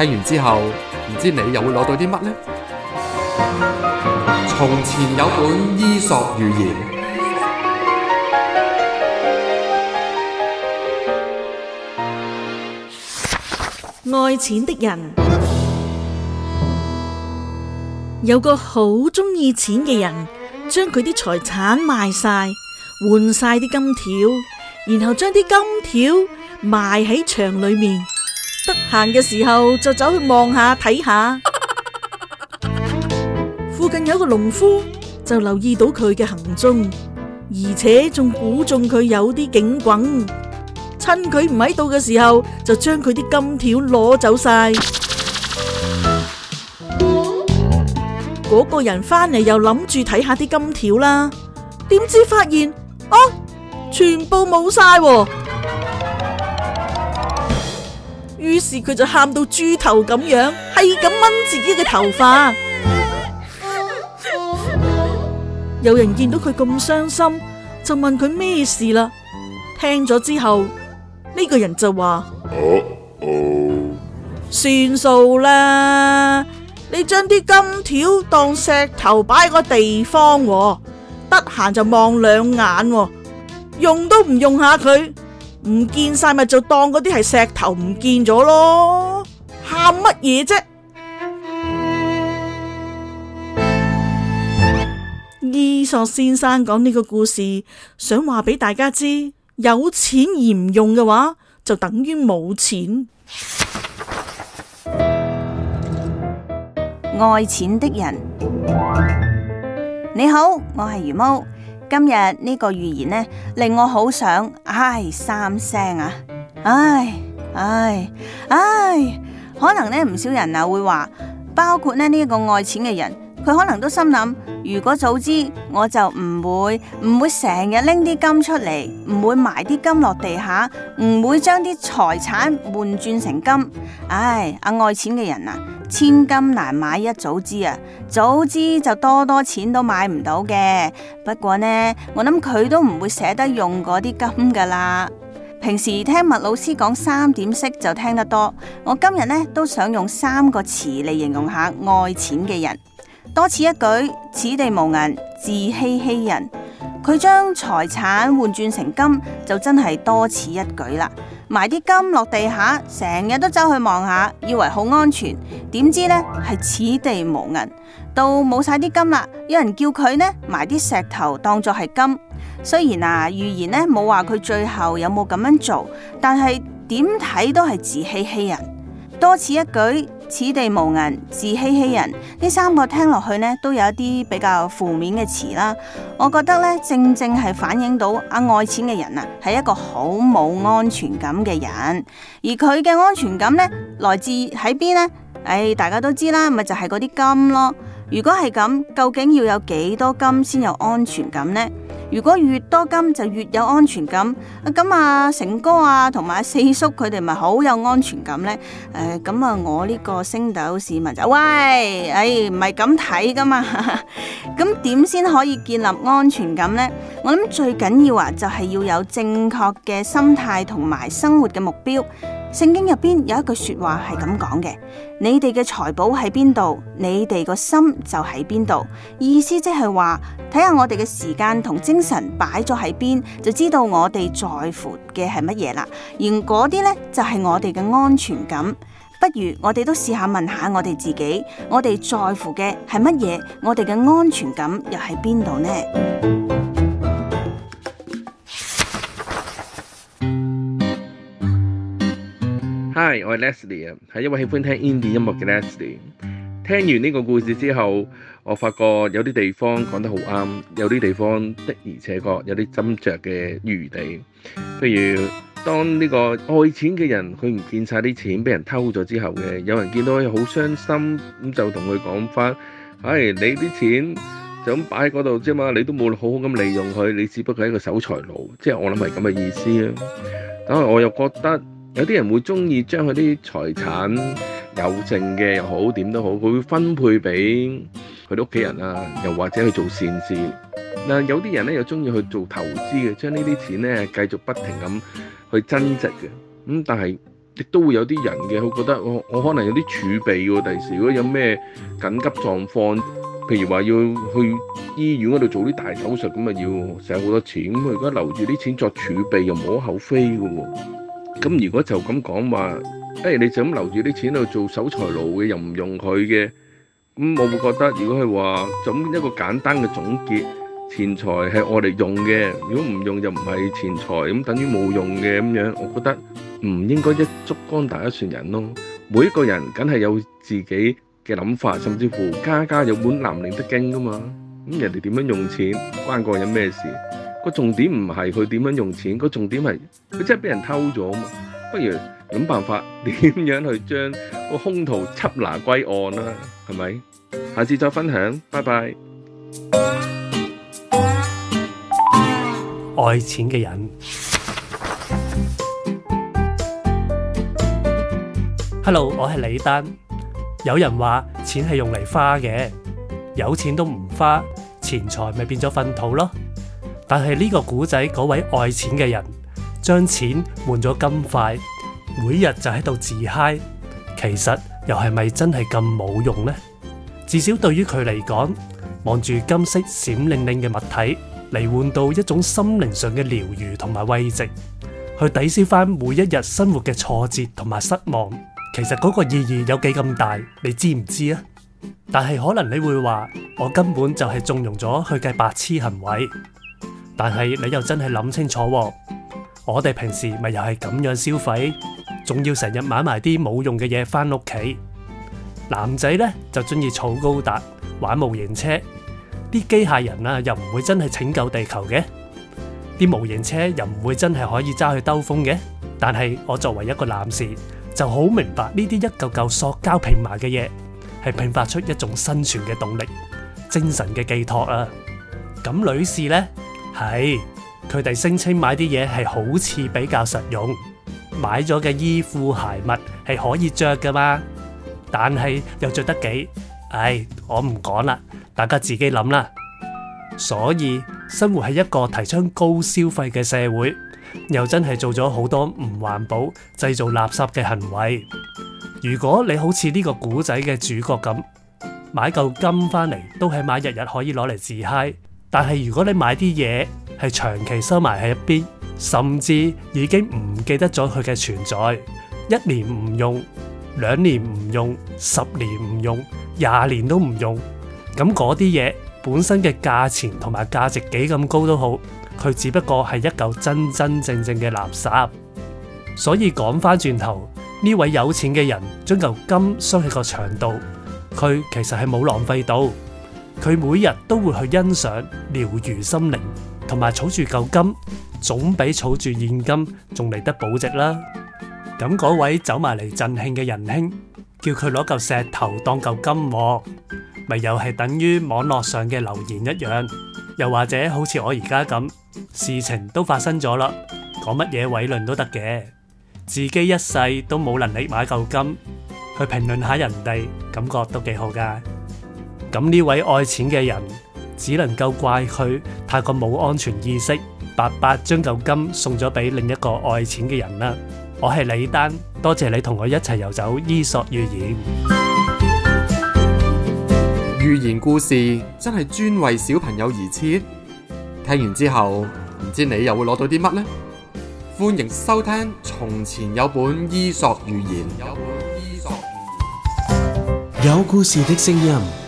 聽完之後，唔知你又會攞到啲乜呢？從前有本伊索寓言，愛錢的人。有個好中意錢嘅人，將佢啲財產賣晒，換晒啲金條，然後將啲金條埋喺牆裏面。得閒嘅時候就走去望下睇下，附近有一個農夫就留意到佢嘅行蹤，而且仲估中佢有啲警棍。趁佢唔喺度嘅時候就將佢啲金條攞走晒。嗰個人翻嚟又諗住睇下啲金條啦，點知發現哦、啊，全部冇晒喎！於是佢就喊到豬頭咁樣，係咁掹自己嘅頭髮。 有人見到佢咁傷心，就問佢咩事啦。聽咗之後，呢、這個人就話，uh -oh. 算數啦，你將啲金條當石頭擺個地方，得閒就望兩眼，用都唔用下佢。唔見晒，咪就當嗰啲係石頭唔見咗咯，喊乜嘢啫？伊索先生講呢個故事，想話俾大家知，有錢而唔用嘅話，就等於冇錢。愛錢的人，你好，我係魚毛。今日呢個寓言令我好想，唉三聲啊，唉唉唉，可能咧唔少人啊會話，包括咧呢一個愛錢的人。佢可能都心諗，如果早知我就唔會唔會成日拎啲金出嚟，唔會埋啲金落地下，唔會將啲財產換轉成金。唉，啊愛錢嘅人啊，千金難買一早知啊，早知就多多錢都買唔到嘅。不過呢，我諗佢都唔會捨得用嗰啲金㗎喇。平時聽麥老師講三點式就聽得多，我今日呢都想用三個詞嚟形容下愛錢嘅人。多此一舉，此地無銀，自欺欺人。佢將財產換轉成金，就真係多此一舉啦！埋啲金落地下，成日都走去望下，以為好安全。點知呢，係此地無銀，到冇晒啲金啦。有人叫佢呢埋啲石頭當作係金，雖然啊寓言呢冇話佢最後有冇咁樣做，但係點睇都係自欺欺人，多此一舉。此地無銀，自欺欺人，呢三個聽落去呢，都有一啲比較負面嘅詞啦。我覺得呢，正正係反映到阿愛錢嘅人啊，係一個好冇安全感嘅人。而佢嘅安全感呢，來自喺邊呢？誒，大家都知啦，咪就係嗰啲金咯。如果係咁，究竟要有幾多金先有安全感呢？如果越多金就越有安全感，啊咁啊成哥啊同埋四叔佢哋咪好有安全感呢？誒咁啊我呢個升斗市民就喂，誒唔係咁睇噶嘛，咁點先可以建立安全感呢？我諗最緊要啊就係要有正確嘅心態同埋生活嘅目標。聖經入邊有一句說話係咁講嘅：你哋嘅財寶喺邊度，你哋個心就喺邊度。意思即係話睇下我哋嘅時間同精神擺咗喺邊，就知道我哋在乎嘅係乜嘢啦。而嗰啲呢，就係我哋嘅安全感。不如我哋都試下問下我哋自己，我哋在乎嘅係乜嘢？我哋嘅安全感又喺邊度呢？係，我係 Leslie 啊，係一位喜歡聽 Indie 音樂嘅 Leslie。聽完呢個故事之後，我發覺有啲地方講得好啱，有啲地方的而且確有啲斟酌嘅餘地。譬如當呢個愛錢嘅人，佢唔見晒啲錢俾人偷咗之後嘅，有人見到佢好傷心，咁就同佢講翻：唉，你啲錢就咁擺喺嗰度啫嘛，你都冇好好咁利用佢，你只不過係一個守財奴。即係我諗係咁嘅意思啊。但係我又覺得。有啲人會中意將佢啲財產有剩嘅又好，點都好，佢會分配俾佢啲屋企人啊，又或者去做善事。嗱，有啲人咧又中意去做投資嘅，將呢啲錢咧繼續不停咁去增值嘅。咁、嗯、但係亦都會有啲人嘅，佢覺得我我可能有啲儲備喎，第時如果有咩緊急狀況，譬如話要去醫院嗰度做啲大手術咁啊，要使好多錢，咁佢而家留住啲錢作儲備又冇可厚非嘅喎。咁如果就咁講話，誒、欸、你就咁留住啲錢喺度做守財奴嘅，又唔用佢嘅，咁我會覺得，如果係話總一個簡單嘅總結，錢財係我哋用嘅，如果唔用就唔係錢財，咁等於冇用嘅咁樣，我覺得唔應該一竹竿打一船人咯。每一個人梗係有自己嘅諗法，甚至乎家家有本難念的經噶嘛。咁人哋點樣用錢，關個人咩事？個重點唔係佢點樣用錢，個重點係佢真係俾人偷咗啊嘛，不如諗辦法，點樣去將個凶徒緝拿歸案啦？係咪？下次再分享，拜拜。愛錢嘅人，Hello，我係李丹。有人話錢係用嚟花嘅，有錢都唔花，錢財咪變咗糞土咯。但係呢個古仔嗰位愛錢嘅人，將錢換咗金塊，每日就喺度自嗨，其實又係咪真係咁冇用呢？至少對於佢嚟講，望住金色閃亮亮嘅物體嚟換到一種心靈上嘅療癒同埋慰藉，去抵消翻每一日生活嘅挫折同埋失望，其實嗰個意義有幾咁大？你知唔知啊？但係可能你會話，我根本就係縱容咗佢嘅白痴行為。但係你又真係諗清楚喎，我哋平時咪又係咁樣消費，仲要成日買埋啲冇用嘅嘢翻屋企。男仔呢就中意儲高達、玩模型車，啲機械人啊又唔會真係拯救地球嘅，啲模型車又唔會真係可以揸去兜風嘅。但係我作為一個男士，就好明白呢啲一嚿嚿塑膠拼埋嘅嘢，係拼發出一種生存嘅動力、精神嘅寄託啊。咁女士呢？係，佢哋聲稱買啲嘢係好似比較實用，買咗嘅衣褲鞋襪係可以着噶嘛，但係又着得幾？唉、哎，我唔講啦，大家自己諗啦。所以生活係一個提倡高消費嘅社會，又真係做咗好多唔環保、製造垃圾嘅行為。如果你好似呢個古仔嘅主角咁，買嚿金翻嚟，都起碼日日可以攞嚟自嗨。但係如果你買啲嘢係長期收埋喺一邊，甚至已經唔記得咗佢嘅存在，一年唔用，兩年唔用，十年唔用，廿年都唔用，咁嗰啲嘢本身嘅價錢同埋價值幾咁高都好，佢只不過係一嚿真真正正嘅垃圾。所以講翻轉頭，呢位有錢嘅人將嚿金收喺個牆度，佢其實係冇浪費到。佢每日都會去欣賞療癒心靈，同埋儲住舊金，總比儲住現金仲嚟得保值啦。咁嗰位走埋嚟鎮慶嘅仁兄，叫佢攞嚿石頭當嚿金喎，喔，咪又係等於網絡上嘅留言一樣。又或者好似我而家咁，事情都發生咗啦，講乜嘢偉論都得嘅。自己一世都冇能力買嚿金，去評論下人哋，感覺都幾好噶。咁呢位愛錢嘅人，只能夠怪佢太過冇安全意識，白白將嚿金送咗俾另一個愛錢嘅人啦。我係李丹，多謝你同我一齊遊走伊索寓言。寓言故事真係專為小朋友而設，聽完之後，唔知你又會攞到啲乜呢？歡迎收聽《從前有本伊索寓言》，有故事的聲音。